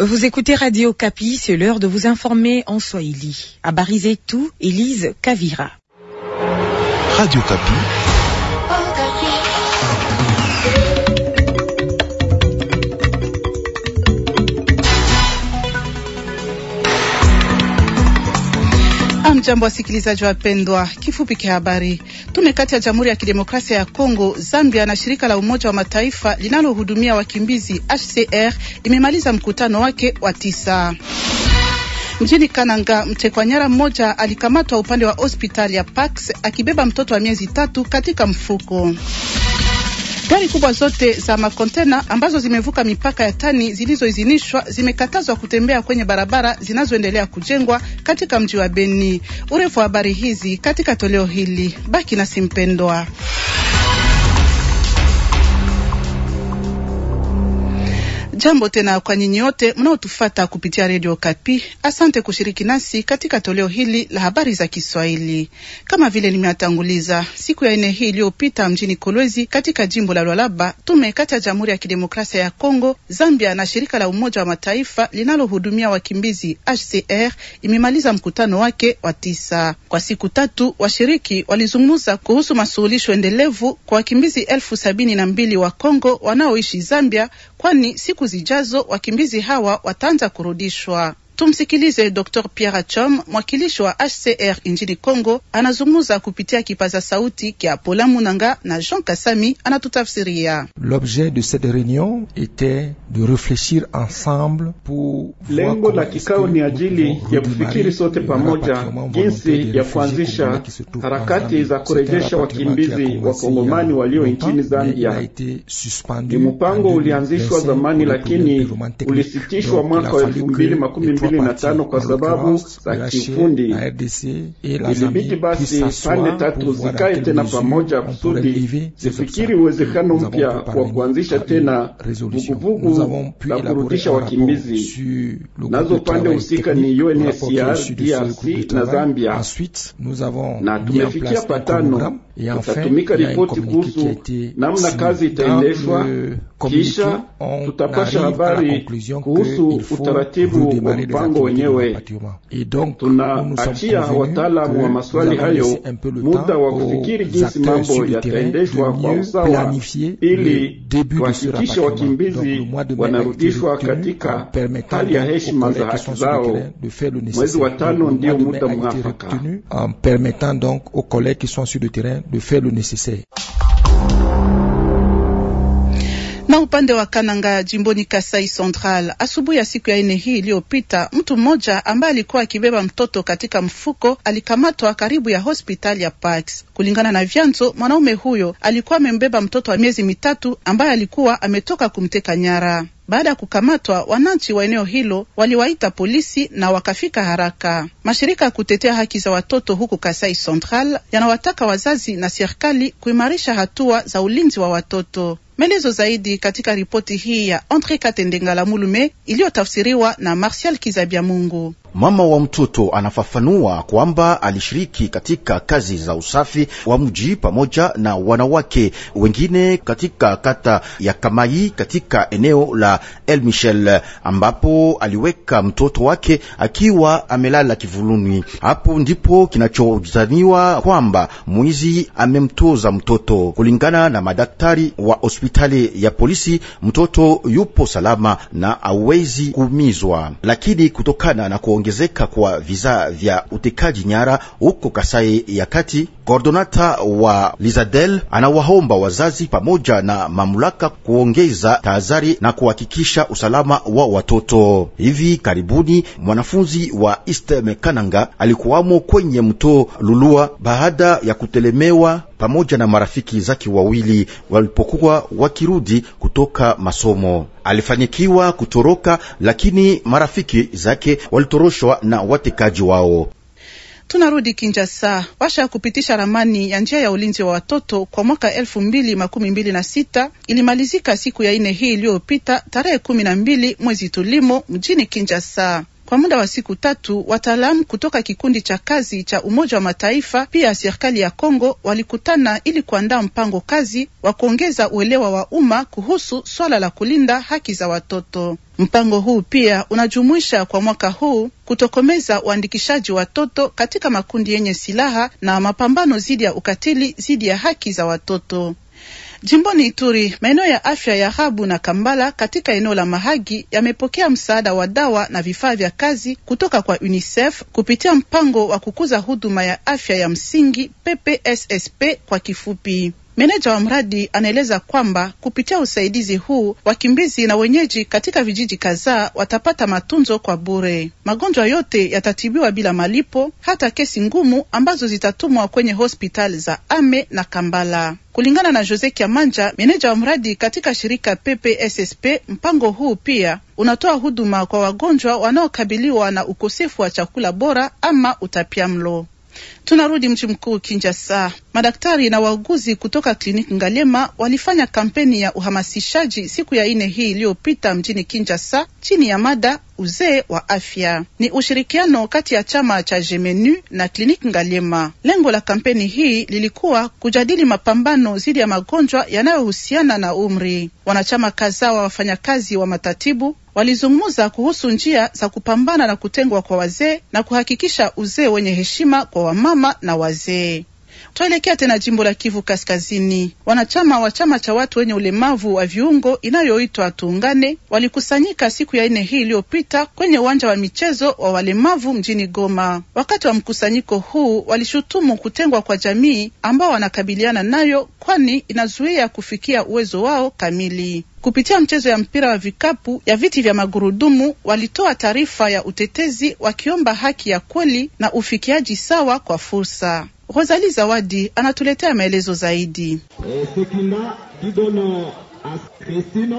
Vous écoutez Radio Capi, c'est l'heure de vous informer en Swahili. À tout, Elise Kavira. Radio Capi. Amjambo, wasikilizaji wapendwa, kifupi cha habari. Tume kati ya Jamhuri ya Kidemokrasia ya Kongo, Zambia na shirika la Umoja wa Mataifa linalohudumia wakimbizi HCR imemaliza mkutano wake wa tisa. Mjini Kananga, mtekwanyara mmoja alikamatwa upande wa hospitali ya Pax akibeba mtoto wa miezi tatu katika mfuko. Gari kubwa zote za makontena ambazo zimevuka mipaka ya tani zilizoizinishwa zimekatazwa kutembea kwenye barabara zinazoendelea kujengwa katika mji wa Beni. Urefu wa habari hizi katika toleo hili. Baki na simpendwa. Jambo tena kwa nyinyi wote mnaotufata kupitia redio Kapi, asante kushiriki nasi katika toleo hili la habari za Kiswahili. Kama vile nimeatanguliza siku ya nne hii iliyopita mjini Kolwezi katika jimbo la Lwalaba, tume kati ya Jamhuri ya Kidemokrasia ya Kongo, Zambia na shirika la Umoja wa Mataifa linalohudumia wakimbizi HCR imemaliza mkutano wake wa tisa. Kwa siku tatu, washiriki walizungumza kuhusu masuluhisho endelevu kwa wakimbizi elfu sabini na mbili wa Kongo wanaoishi Zambia kwani siku zijazo wakimbizi hawa wataanza kurudishwa. Tumsikilize Dr Pierre Achom, mwakilishi wa HCR nchini Congo, anazungumza kupitia kipaza sauti kya Pola Munanga na Jean Kasami anatutafsiria. lengo la kikao ni ajili ya kufikiri sote pamoja jinsi ya kuanzisha harakati za kurejesha wakimbizi kongomani walio nchini Zambia. Ni mpango ulianzishwa zamani, lakini ulisitishwa mwaka wa elfu mbili makumi mbili mbili na tano kwa sababu za kiufundi. Ilibidi basi pande tatu zikae tena pamoja kusudi zifikiri uwezekano mpya kwa kuanzisha tena vuguvugu la kurudisha wakimbizi. Nazo pande husika ni UNHCR, DRC na Zambia, na tumefikia patano. Kutatumika ripoti kuhusu namna kazi itaendeshwa kisha tutapasha habari kuhusu utaratibu wa mpango wenyewe. Tunaachia wataalamu wa maswali hayo muda wa kufikiri jinsi mambo yataendeshwa kwa usawa, ili kuhakikisha wakimbizi wanarudishwa katika hali ya heshima za haki zao. Mwezi wa tano ndio muda mwafaka na upande wa Kananga jimboni Kasai Central. Asubuhi ya siku ya ine hii iliyopita, mtu mmoja ambaye alikuwa akibeba mtoto katika mfuko alikamatwa karibu ya hospitali ya Parks. Kulingana na vyanzo, mwanaume huyo alikuwa amembeba mtoto wa miezi mitatu ambaye alikuwa ametoka kumteka nyara. Baada ya kukamatwa, wananchi wa eneo hilo waliwaita polisi na wakafika haraka. Mashirika ya kutetea haki za watoto huko Kasai Central yanawataka wazazi na serikali kuimarisha hatua za ulinzi wa watoto. Maelezo zaidi katika ripoti hii ya Andre Katendengala Mulume iliyotafsiriwa na Martial Kizabia Mungu. Mama wa mtoto anafafanua kwamba alishiriki katika kazi za usafi wa mji pamoja na wanawake wengine katika kata ya Kamai katika eneo la El Michel, ambapo aliweka mtoto wake akiwa amelala kivuluni. Hapo ndipo kinachozaniwa kwamba mwizi amemtoza mtoto, kulingana na madaktari wa hospitali hospitali ya polisi, mtoto yupo salama na awezi kuumizwa. Lakini kutokana na kuongezeka kwa visa vya utekaji nyara huko Kasai ya Kati, kordonata wa Lizadel anawaomba wazazi pamoja na mamlaka kuongeza tahadhari na kuhakikisha usalama wa watoto. Hivi karibuni mwanafunzi wa East Mekananga alikuwamo kwenye mto Lulua baada ya kutelemewa pamoja na marafiki zake wawili walipokuwa wakirudi kutoka masomo. Alifanyikiwa kutoroka, lakini marafiki zake walitoroshwa na watekaji wao. Tunarudi kinjasa Washa ya kupitisha ramani ya njia ya ulinzi wa watoto kwa mwaka elfu mbili makumi mbili na sita ilimalizika siku ya ine hii iliyopita tarehe kumi na mbili mwezi tulimo mjini kinjasa kwa muda wa siku tatu. Wataalamu kutoka kikundi cha kazi cha Umoja wa Mataifa pia serikali ya Kongo walikutana ili kuandaa mpango kazi wa kuongeza uelewa wa umma kuhusu swala la kulinda haki za watoto. Mpango huu pia unajumuisha kwa mwaka huu kutokomeza uandikishaji watoto katika makundi yenye silaha na mapambano dhidi ya ukatili dhidi ya haki za watoto. Jimboni Ituri, maeneo ya afya ya Rabu na Kambala katika eneo la Mahagi yamepokea msaada wa dawa na vifaa vya kazi kutoka kwa UNICEF kupitia mpango wa kukuza huduma ya afya ya msingi PPSSP kwa kifupi. Meneja wa mradi anaeleza kwamba kupitia usaidizi huu wakimbizi na wenyeji katika vijiji kadhaa watapata matunzo kwa bure. Magonjwa yote yatatibiwa bila malipo, hata kesi ngumu ambazo zitatumwa kwenye hospitali za Ame na Kambala. Kulingana na Jose Kiamanja, meneja wa mradi katika shirika PPSSP, mpango huu pia unatoa huduma kwa wagonjwa wanaokabiliwa na ukosefu wa chakula bora ama utapia mlo. Tunarudi mji mkuu Kinshasa. Madaktari na wauguzi kutoka kliniki Ngalema walifanya kampeni ya uhamasishaji siku ya ine hii iliyopita mjini Kinshasa chini ya mada uzee wa afya. Ni ushirikiano kati ya chama cha Jemenu na kliniki Ngalema. Lengo la kampeni hii lilikuwa kujadili mapambano dhidi ya magonjwa yanayohusiana na umri. Wanachama kadhaa wa wafanyakazi wa matatibu walizungumza kuhusu njia za kupambana na kutengwa kwa wazee na kuhakikisha uzee wenye heshima kwa wamama wamama na wazee. Tuelekea tena jimbo la Kivu Kaskazini. Wanachama wa chama cha watu wenye ulemavu wa viungo inayoitwa Tuungane walikusanyika siku ya nne hii iliyopita kwenye uwanja wa michezo wa walemavu mjini Goma. Wakati wa mkusanyiko huu, walishutumu kutengwa kwa jamii ambao wanakabiliana nayo, kwani inazuia kufikia uwezo wao kamili. Kupitia mchezo ya mpira wa vikapu ya viti vya magurudumu, walitoa taarifa ya utetezi wakiomba haki ya kweli na ufikiaji sawa kwa fursa. Rosali Zawadi anatuletea maelezo zaidi. Eh,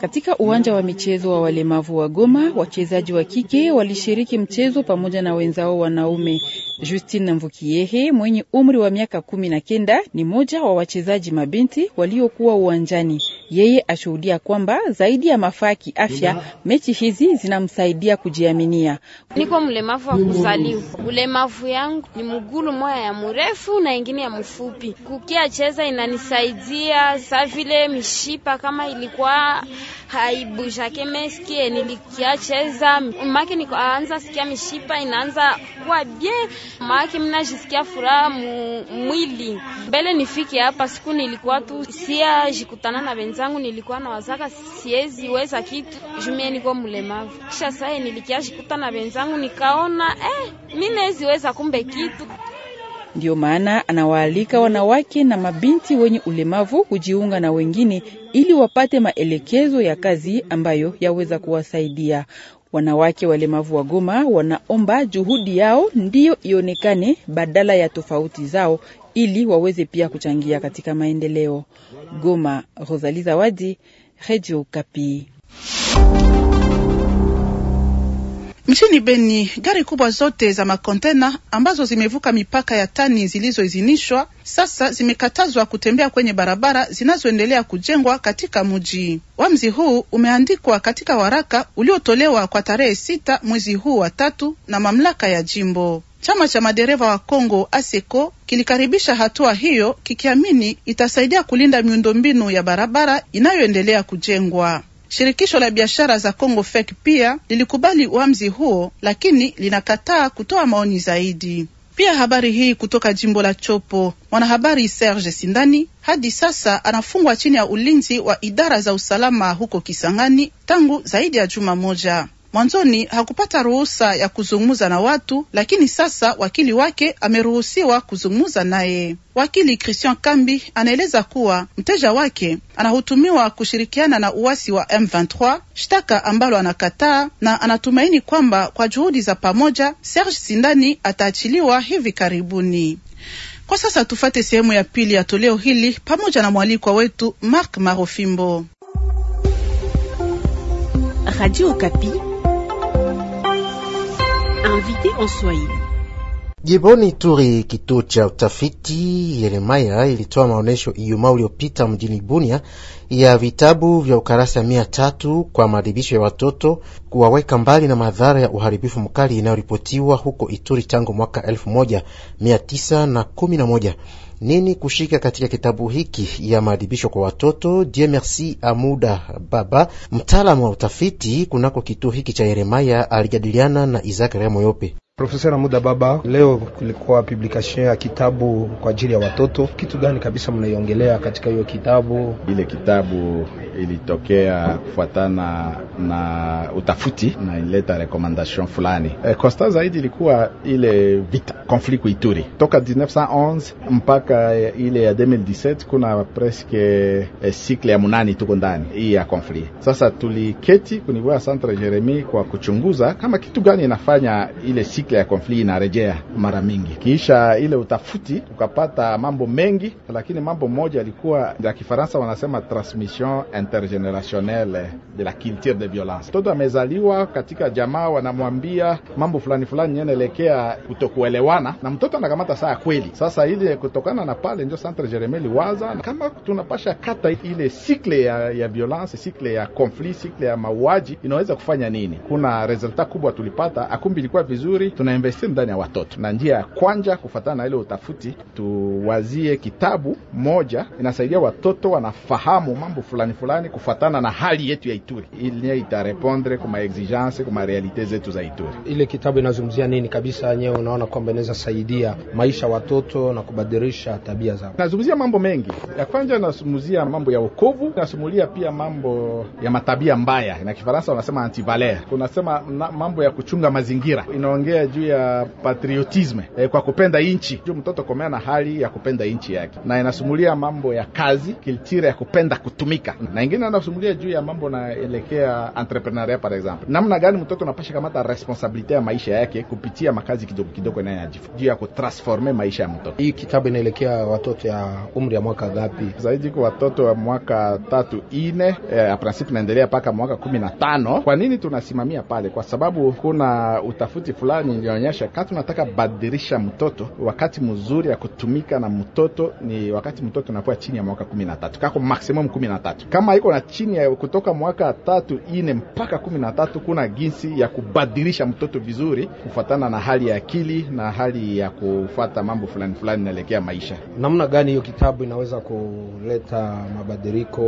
katika uwanja wa michezo wa walemavu wa Goma, wachezaji wa kike walishiriki mchezo pamoja na wenzao wanaume. Justine Mvukiehe mwenye umri wa miaka kumi na kenda ni mmoja wa wachezaji mabinti waliokuwa uwanjani. Yeye ashuhudia kwamba zaidi ya mafaa kiafya, mechi hizi zinamsaidia kujiaminia. Niko mlemavu wa kuzaliwa, ulemavu yangu ni mgulu moya ya mrefu na ingine ya mfupi. Kukia cheza inanisaidia saa vile mishipa kama kama ilikuwa haibu jake meskie eh, nilikiacheza make anza sikia mishipa inaanza kuwa bien, make jisikia furaha mwili. Mbele nifike hapa siku nilikuwa tu sia jikutana na wenzangu, nilikuwa na wazaka siezi weza kitu jumie, niko mulemavu Kisha sae nilikia jikuta na wenzangu, nikaona eh, mimi weza kumbe kitu Ndiyo maana anawaalika wanawake na mabinti wenye ulemavu kujiunga na wengine ili wapate maelekezo ya kazi ambayo yaweza kuwasaidia. Wanawake walemavu wa Goma wanaomba juhudi yao ndiyo ionekane badala ya tofauti zao ili waweze pia kuchangia katika maendeleo. Goma, rosali Zawadi, Radio Kapi. Nchini Beni, gari kubwa zote za makontena ambazo zimevuka mipaka ya tani zilizoidhinishwa sasa zimekatazwa kutembea kwenye barabara zinazoendelea kujengwa katika mji. Wamzi huu umeandikwa katika waraka uliotolewa kwa tarehe sita mwezi huu wa tatu na mamlaka ya jimbo. Chama cha madereva wa Kongo ASECO kilikaribisha hatua hiyo kikiamini itasaidia kulinda miundombinu ya barabara inayoendelea kujengwa. Shirikisho la biashara za congo FEC pia lilikubali uamzi huo, lakini linakataa kutoa maoni zaidi. Pia habari hii kutoka jimbo la Chopo. Mwanahabari Serge Sindani hadi sasa anafungwa chini ya ulinzi wa idara za usalama huko Kisangani tangu zaidi ya juma moja. Mwanzoni hakupata ruhusa ya kuzungumza na watu, lakini sasa wakili wake ameruhusiwa kuzungumza naye. Wakili Christian Kambi anaeleza kuwa mteja wake anahutumiwa kushirikiana na uasi wa M23, shtaka ambalo anakataa na anatumaini kwamba kwa juhudi za pamoja Serge Sindani ataachiliwa hivi karibuni. Kwa sasa tufate sehemu ya pili ya toleo hili pamoja na mwalikwa wetu Mark Marofimbo, Radio Kapi. Invité en Swahili. Jiboni Turi, kituo cha utafiti Yeremaya ilitoa maonyesho Ijumaa uliopita mjini Bunia ya vitabu vya ukarasa mia tatu kwa maadhibisho ya watoto kuwaweka mbali na madhara ya uharibifu mkali inayoripotiwa huko Ituri tangu mwaka elfu moja mia tisa na kumi na moja nini kushika katika kitabu hiki ya maadibisho kwa watoto. Dieu merci Amuda Baba, mtaalamu wa utafiti kunako kituo hiki cha Yeremaya, alijadiliana na Isaac Remoyope. Profesa Muda Baba, leo kulikuwa publication ya kitabu kwa ajili ya watoto. Kitu gani kabisa mnaiongelea katika hiyo kitabu? Ile kitabu ilitokea kufuatana na utafuti na ilileta recommendation fulani. E, eh, kosta zaidi ilikuwa ile vita conflict Ituri toka 1911 mpaka ile ya 2017 kuna presque e, eh, sikle ya munani tuko ndani hii ya conflict. Sasa tuliketi kunivua Centre Jeremy kwa kuchunguza kama kitu gani inafanya ile cycle cycle ya konfli inarejea mara mingi, kisha ile utafuti ukapata mambo mengi, lakini mambo moja yalikuwa ya Kifaransa wanasema transmission intergenerationnelle de la culture de violence. Mtoto amezaliwa katika jamaa, wanamwambia mambo fulani fulani yanaelekea kutokuelewana, na mtoto anakamata saa kweli. Sasa ile kutokana na pale ndio Centre Jeremie liwaza kama tunapasha kata ile sikle ya, ya violence, sikle ya konfli, sikle ya mauaji inaweza kufanya nini? Kuna resulta kubwa tulipata, akumbi ilikuwa vizuri tunainvesti ndani ya watoto, na njia ya kwanja kufuatana na ile utafuti, tuwazie kitabu moja inasaidia watoto wanafahamu mambo fulani fulani kufuatana na hali yetu ya Ituri, ile itarepondre kuma exigence kuma realite zetu za Ituri. Ile kitabu inazungumzia nini kabisa, nyewe unaona kwamba inaweza saidia maisha watoto na kubadilisha tabia zao? Nazungumzia mambo mengi, ya kwanja nazungumzia mambo ya wokovu, nasumulia pia mambo ya matabia mbaya, na Kifaransa wanasema antivaler kunasema mambo ya kuchunga mazingira, inaongea kuongea juu ya patriotisme e, kwa kupenda nchi, juu mtoto komea na hali ya kupenda nchi yake, na inasumulia mambo ya kazi, kiltira ya kupenda kutumika, na ingine anasumulia juu ya mambo naelekea entrepreneuria, par exemple, namna gani mtoto anapasha kamata responsabilite ya maisha yake kupitia makazi kidogo kidogo, naye juu ya kutransforme maisha ya mtoto. Hii kitabu inaelekea watoto ya umri ya mwaka gapi Zaidi kwa watoto wa mwaka tatu ine, e, eh, prinsipe naendelea mpaka mwaka kumi na tano. Kwa nini tunasimamia pale? Kwa sababu kuna utafuti fulani nilionyesha ilionyesha kama tunataka badilisha mtoto, wakati mzuri ya kutumika na mtoto ni wakati mtoto anakuwa chini ya mwaka kumi na tatu kako maximum kumi na tatu Kama iko na chini ya kutoka mwaka tatu ine mpaka kumi na tatu kuna jinsi ya kubadilisha mtoto vizuri kufuatana na hali ya akili na hali ya kufata mambo fulani fulani naelekea maisha. Namna gani hiyo kitabu inaweza kuleta mabadiliko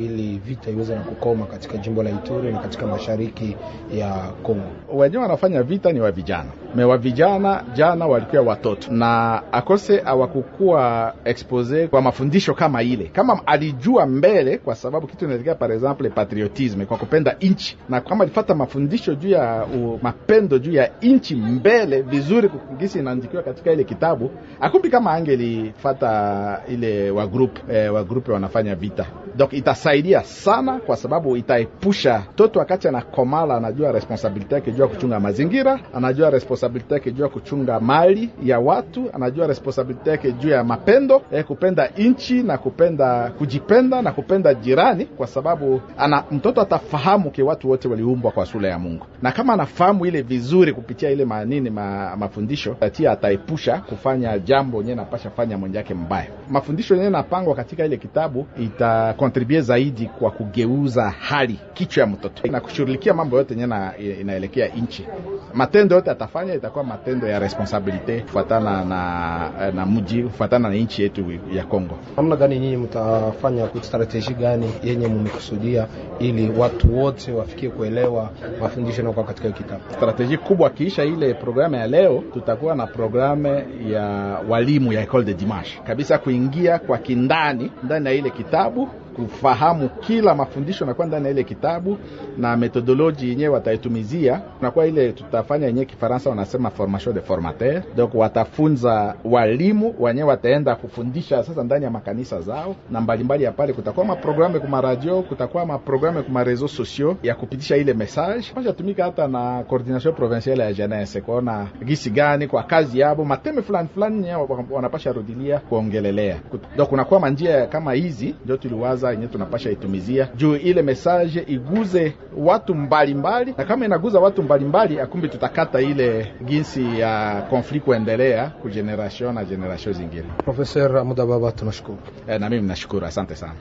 ili vita iweze na kukoma katika jimbo la Ituri na katika mashariki ya Kongo? Wenyewe wanafanya vita ni wa vijana vijana mewa vijana jana walikuwa watoto na akose awakukuwa expose kwa mafundisho kama ile, kama alijua mbele, kwa sababu kitu inaelekea par exemple patriotisme kwa kupenda inchi, na kama alifata mafundisho juu ya mapendo juu ya inchi mbele vizuri, kukingisi inaandikiwa katika ile kitabu, akumbi kama angelifata ile wa group eh, wa group wanafanya vita, donc itasaidia sana, kwa sababu itaepusha toto wakati anakomala, anajua responsabilite yake, jua kuchunga mazingira, anajua anajua responsabilite yake juu ya kuchunga mali ya watu, anajua responsabilite yake juu ya mapendo e, kupenda nchi na kupenda kujipenda na kupenda jirani, kwa sababu ana mtoto atafahamu ke watu wote waliumbwa kwa sura ya Mungu, na kama anafahamu ile vizuri kupitia ile manini ma, mafundisho atia, ataepusha kufanya jambo yenyewe napasha fanya mwenjake mbaya. Mafundisho yenyewe napangwa katika ile kitabu itakontribue zaidi kwa kugeuza hali kichwa ya mtoto na kushughulikia mambo yote yenyewe inaelekea nchi, matendo yote atafanya itakuwa matendo ya responsabilite kufuatana na, na mji kufuatana na nchi yetu ya Kongo. Namna gani nyinyi mtafanya strategy gani yenye mmekusudia ili watu wote wafikie kuelewa mafundisho na katika katika kitabu? Strateji kubwa kiisha ile programu ya leo, tutakuwa na programu ya walimu ya Ecole de Dimanche kabisa kuingia kwa kindani ndani ya ile kitabu kufahamu kila mafundisho nakuwa ndani ya ile kitabu na metodoloji yenyewe wataitumizia, nakuwa ile tutafanya yenyewe Kifaransa wanasema formation de formateur, donc watafunza walimu wenyewe wataenda kufundisha sasa ndani ya makanisa zao na mbalimbali ya pale. Kutakuwa maprogramu kuma radio, kutakuwa maprogramu kuma reseaux sociaux ya kupitisha ile message kwanza, tumika hata na coordination provinciale ya jeunesse kuona gisi gani kwa kazi yabo mateme fulani fulani wanapasha rudilia kuongelelea, donc kunakuwa manjia kama hizi ndio tuliwaza kwanza yenye tunapasha itumizia juu ile message iguze watu mbalimbali mbali, na kama inaguza watu mbalimbali akumbi tutakata ile ginsi ya konflikt kuendelea ku generation na generation zingine. Professor Mudababa, tunashukuru. E, na mimi nashukuru, asante sana.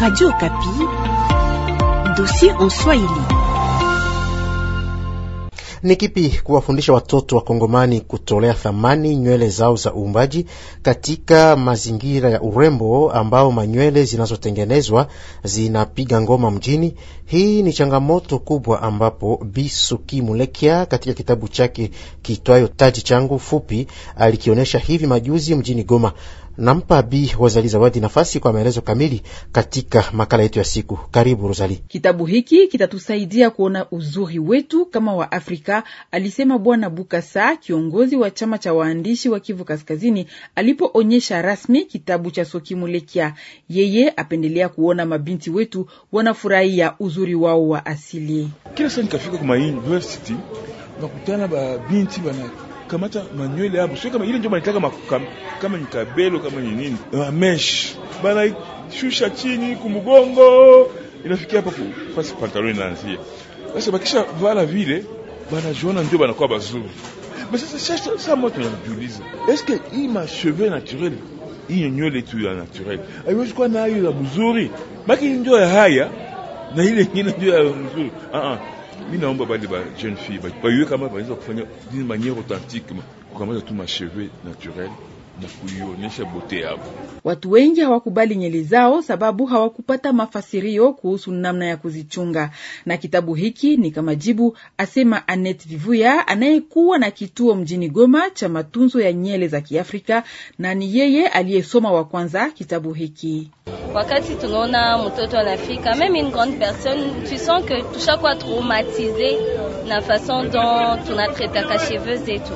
Radio Kapi, dossier en Swahili ni kipi kuwafundisha watoto wa kongomani kutolea thamani nywele zao za uumbaji katika mazingira ya urembo ambao manywele zinazotengenezwa zinapiga ngoma mjini. Hii ni changamoto kubwa ambapo Bisuki Mulekia katika kitabu chake kitwayo Taji changu fupi alikionyesha hivi majuzi mjini Goma. Nampa Bi Wazali Zawadi nafasi kwa maelezo kamili katika makala yetu ya siku. Karibu Rosali. Kitabu hiki kitatusaidia kuona uzuri wetu kama wa Afrika, alisema Bwana Bukasa, kiongozi wa chama cha waandishi wa Kivu Kaskazini, alipoonyesha rasmi kitabu cha Sokimulekia. Yeye apendelea kuona mabinti wetu wanafurahia uzuri wao wa asili. Kila saa nikafika kwa University nakutana babinti bana kamata manywele hapo, sio kama ile ndio banataka makam, kama ni kabelo kama ni nini uh, mesh bana shusha chini kumgongo inafikia hapa pasi pantaloni inaanzia sasa. Bakisha vala vile bana banajiona ndio bana kwa bazuri. Basi sasa sasa sasa mtu est-ce que ima cheveux naturel hii nywele tu ya naturel haiwezi kuwa nayo ya mzuri, baki ndio ya haya na ile nyingine ndio ya mzuri. Ah ah mi naomba bale ba jeune fille bayuwe kama baweza kufanya d'une manière authentique kukamata tu macheveux naturel kuionyesha bote Watu wengi hawakubali nyele zao sababu hawakupata mafasirio kuhusu namna ya kuzichunga, na kitabu hiki ni kama jibu, asema Anet Vivuya anayekuwa na kituo mjini Goma cha matunzo ya nyele za Kiafrika, na ni yeye aliyesoma wa kwanza kitabu hiki. Wakati tunaona mtoto anafika meme une grande personne tu sens que tushakuwa traumatize na façon dont tunatretaka cheveux zetu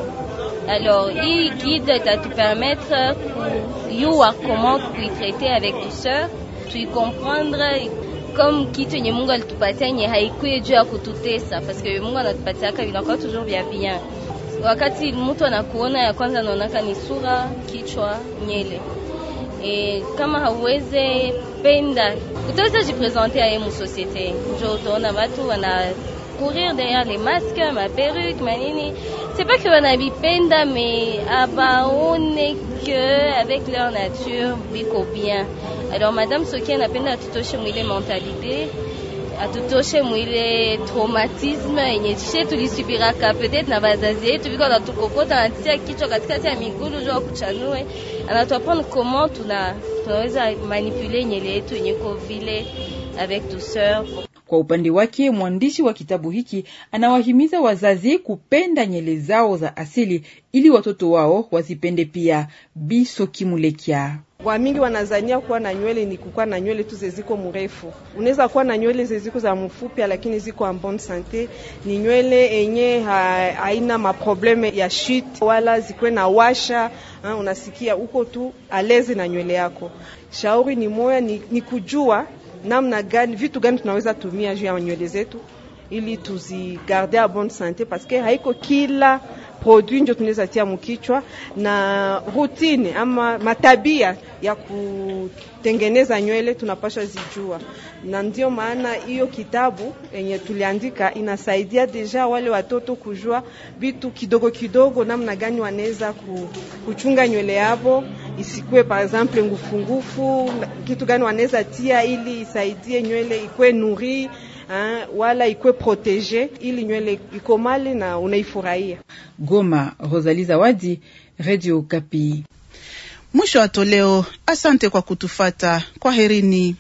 Alors, il guide à permettre de euh, voir comment traiter avec douceur, comprendre comme kitu yenye ça parce que haikuye juu notre kututesa, paske Mungu encore toujours bien. Wakati mtu anakuona ya kwanza, ni sura, kichwa, nyele E, kama hauweze penda utaweza jipresente aye musosiete, njo utaona watu wana courir derrière les masques, ma perruque, manini sepaki wanavipenda me abaone ke avec leur nature biko bien. Alors Madame Soki anapenda atutoshe mwile mentalite atutoshe mwile traumatisme yenye tishe tulisubiraka peut-être na bazazi yetu, viko anatukokota anatia kichwa katikati ya migulu juu akuchanue, anatuapone comment tuna tunaweza manipule nyele yetu yenye ko vile avec douceur kwa upande wake, mwandishi wa kitabu hiki anawahimiza wazazi kupenda nyele zao za asili ili watoto wao wazipende pia. Kimulekya Wamingi wanazania kuwa na nywele ni kukuwa na nywele tu zeziko mrefu. Unaweza kuwa na nywele zeziko za mfupi, lakini ziko en bonne sante, ni nywele enye haina maprobleme ya shit wala zikwe na washa. Ha, unasikia huko tu alezi na nywele yako. Shauri ni moya ni, ni kujua namna gani, vitu gani tunaweza tumia juu ya nywele zetu ili tuzigarde a bonne sante, paske haiko kila produit ndio tunaweza tia mkichwa, na routine ama matabia ya kutengeneza nywele tunapasha zijua, na ndio maana hiyo kitabu enye tuliandika inasaidia deja wale watoto kujua vitu kidogo kidogo, namna gani wanaweza kuchunga nywele yao isikuwe par exemple ngufungufu. Kitu gani wanaweza tia ili isaidie nywele ikwe nuri hein, wala ikwe protege ili nywele iko mali na unaifurahia. Goma, rosali Zawadi, Radio Kapi. Mwisho wa toleo. Asante kwa kutufata. kwa herini